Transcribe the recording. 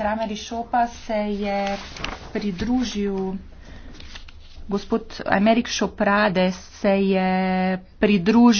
Srameli Šopa se je pridružil, gospod Amerik Šoprade se je pridružil.